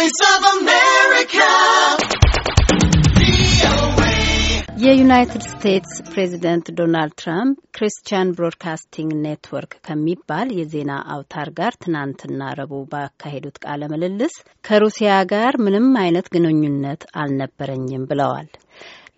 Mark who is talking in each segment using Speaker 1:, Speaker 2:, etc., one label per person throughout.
Speaker 1: Voice of America. የዩናይትድ ስቴትስ ፕሬዚደንት ዶናልድ ትራምፕ ክሪስቲያን ብሮድካስቲንግ ኔትወርክ ከሚባል የዜና አውታር ጋር ትናንትና ረቡዕ ባካሄዱት ቃለ ምልልስ ከሩሲያ ጋር ምንም አይነት ግንኙነት አልነበረኝም ብለዋል።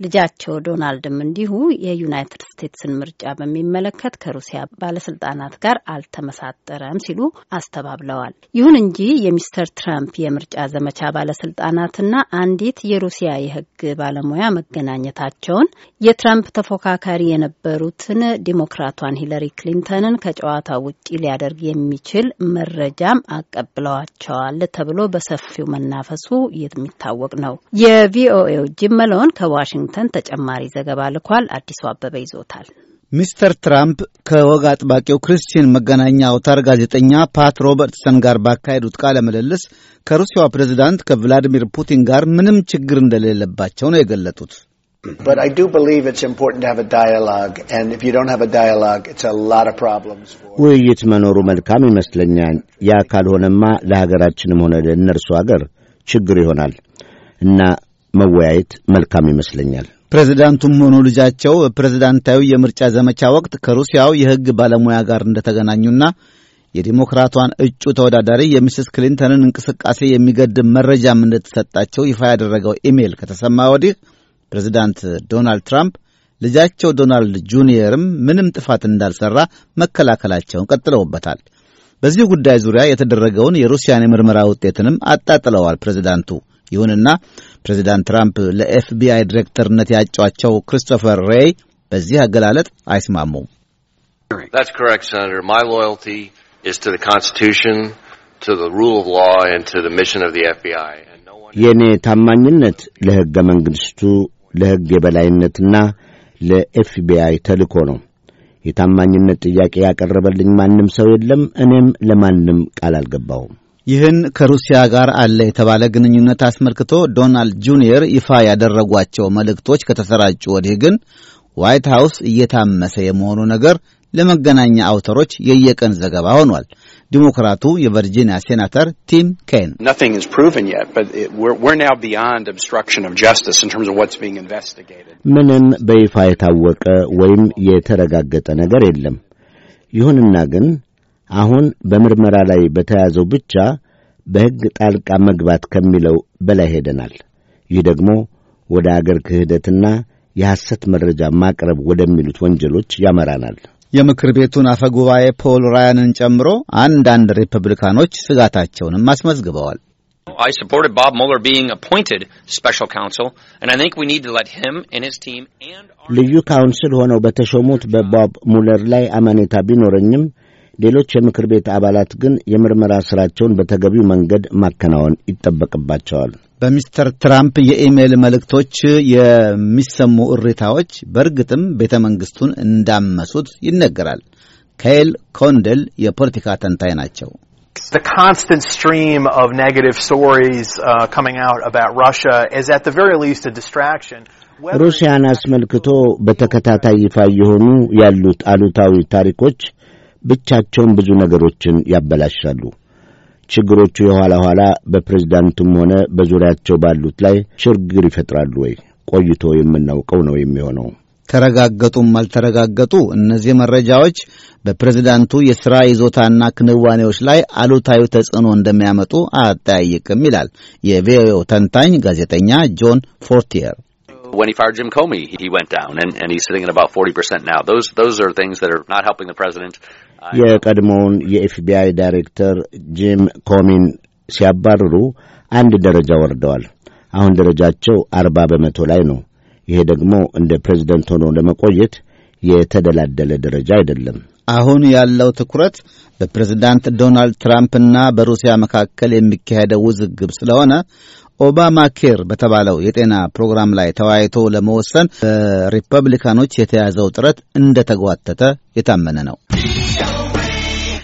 Speaker 1: ልጃቸው ዶናልድም እንዲሁ የዩናይትድ ስቴትስን ምርጫ በሚመለከት ከሩሲያ ባለስልጣናት ጋር አልተመሳጠረም ሲሉ አስተባብለዋል። ይሁን እንጂ የሚስተር ትራምፕ የምርጫ ዘመቻ ባለስልጣናትና አንዲት የሩሲያ የህግ ባለሙያ መገናኘታቸውን የትራምፕ ተፎካካሪ የነበሩትን ዲሞክራቷን ሂለሪ ክሊንተንን ከጨዋታ ውጪ ሊያደርግ የሚችል መረጃም አቀብለዋቸዋል ተብሎ በሰፊው መናፈሱ የሚታወቅ ነው። የቪኦኤው ጂም መለውን ከዋሽንግተን ከዋሽንግተን ተጨማሪ ዘገባ ልኳል። አዲሱ አበበ ይዞታል። ሚስተር ትራምፕ ከወግ አጥባቂው
Speaker 2: ክርስቲን መገናኛ አውታር ጋዜጠኛ ፓት ሮበርትሰን ጋር ባካሄዱት ቃለ ምልልስ ከሩሲያዋ ፕሬዚዳንት ከቭላዲሚር ፑቲን ጋር ምንም ችግር እንደሌለባቸው ነው የገለጡት።
Speaker 3: ውይይት መኖሩ መልካም ይመስለኛል። ያ ካልሆነማ ለሀገራችንም ሆነ ለእነርሱ አገር ችግር ይሆናል እና መወያየት መልካም ይመስለኛል።
Speaker 2: ፕሬዚዳንቱም ሆኑ ልጃቸው በፕሬዚዳንታዊ የምርጫ ዘመቻ ወቅት ከሩሲያው የሕግ ባለሙያ ጋር እንደተገናኙና የዲሞክራቷን እጩ ተወዳዳሪ የሚስስ ክሊንተንን እንቅስቃሴ የሚገድም መረጃም እንደተሰጣቸው ይፋ ያደረገው ኢሜይል ከተሰማ ወዲህ ፕሬዚዳንት ዶናልድ ትራምፕ ልጃቸው ዶናልድ ጁኒየርም ምንም ጥፋት እንዳልሠራ መከላከላቸውን ቀጥለውበታል። በዚህ ጉዳይ ዙሪያ የተደረገውን የሩሲያን የምርመራ ውጤትንም አጣጥለዋል ፕሬዚዳንቱ ይሁንና ፕሬዚዳንት ትራምፕ ለኤፍቢአይ ዲሬክተርነት ያጯቸው ክሪስቶፈር ሬይ በዚህ አገላለጥ አይስማሙም።
Speaker 3: የእኔ ታማኝነት ለሕገ መንግሥቱ፣ ለሕግ የበላይነትና ለኤፍቢአይ ተልእኮ ነው። የታማኝነት ጥያቄ ያቀረበልኝ ማንም ሰው የለም። እኔም ለማንም ቃል አልገባውም።
Speaker 2: ይህን ከሩሲያ ጋር አለ የተባለ ግንኙነት አስመልክቶ ዶናልድ ጁኒየር ይፋ ያደረጓቸው መልእክቶች ከተሰራጩ ወዲህ ግን ዋይት ሀውስ እየታመሰ የመሆኑ ነገር ለመገናኛ አውታሮች የየቀን ዘገባ ሆኗል። ዲሞክራቱ የቨርጂኒያ ሴናተር ቲም ኬን
Speaker 3: ምንም በይፋ የታወቀ ወይም የተረጋገጠ ነገር የለም። ይሁንና ግን አሁን በምርመራ ላይ በተያዘው ብቻ በሕግ ጣልቃ መግባት ከሚለው በላይ ሄደናል። ይህ ደግሞ ወደ አገር ክህደትና የሐሰት መረጃ ማቅረብ ወደሚሉት ወንጀሎች ያመራናል።
Speaker 2: የምክር ቤቱን አፈ ጉባኤ ፖል ራያንን ጨምሮ አንዳንድ ሪፐብሊካኖች ስጋታቸውንም አስመዝግበዋል።
Speaker 3: ልዩ ካውንስል ሆነው በተሾሙት በቦብ ሙለር ላይ አመኔታ ቢኖረኝም ሌሎች የምክር ቤት አባላት ግን የምርመራ ስራቸውን በተገቢው መንገድ ማከናወን ይጠበቅባቸዋል።
Speaker 2: በሚስተር ትራምፕ የኢሜይል መልእክቶች የሚሰሙ እሪታዎች በእርግጥም ቤተ መንግሥቱን እንዳመሱት ይነገራል። ከይል ኮንደል የፖለቲካ ተንታኝ ናቸው።
Speaker 1: uh,
Speaker 3: ሩሲያን አስመልክቶ በተከታታይ ይፋ የሆኑ ያሉት አሉታዊ ታሪኮች ብቻቸውን ብዙ ነገሮችን ያበላሻሉ። ችግሮቹ የኋላ ኋላ በፕሬዝዳንቱም ሆነ በዙሪያቸው ባሉት ላይ ችግር ይፈጥራሉ ወይ ቆይቶ የምናውቀው ነው የሚሆነው። ተረጋገጡም አልተረጋገጡ እነዚህ መረጃዎች በፕሬዝዳንቱ
Speaker 2: የሥራ ይዞታና ክንዋኔዎች ላይ አሉታዊ ተጽዕኖ እንደሚያመጡ አያጠያይቅም ይላል የቪኦኤው ተንታኝ ጋዜጠኛ ጆን ፎርቲየር።
Speaker 3: የቀድሞውን የኤፍቢአይ ዳይሬክተር ጂም ኮሚን ሲያባርሩ አንድ ደረጃ ወርደዋል። አሁን ደረጃቸው አርባ በመቶ ላይ ነው። ይሄ ደግሞ እንደ ፕሬዚደንት ሆኖ ለመቆየት የተደላደለ ደረጃ አይደለም።
Speaker 2: አሁን ያለው ትኩረት በፕሬዝዳንት ዶናልድ ትራምፕና በሩሲያ መካከል የሚካሄደው ውዝግብ ስለሆነ ኦባማ ኬር በተባለው የጤና ፕሮግራም ላይ ተወያይቶ ለመወሰን በሪፐብሊካኖች የተያዘው ጥረት እንደተጓተተ የታመነ ነው።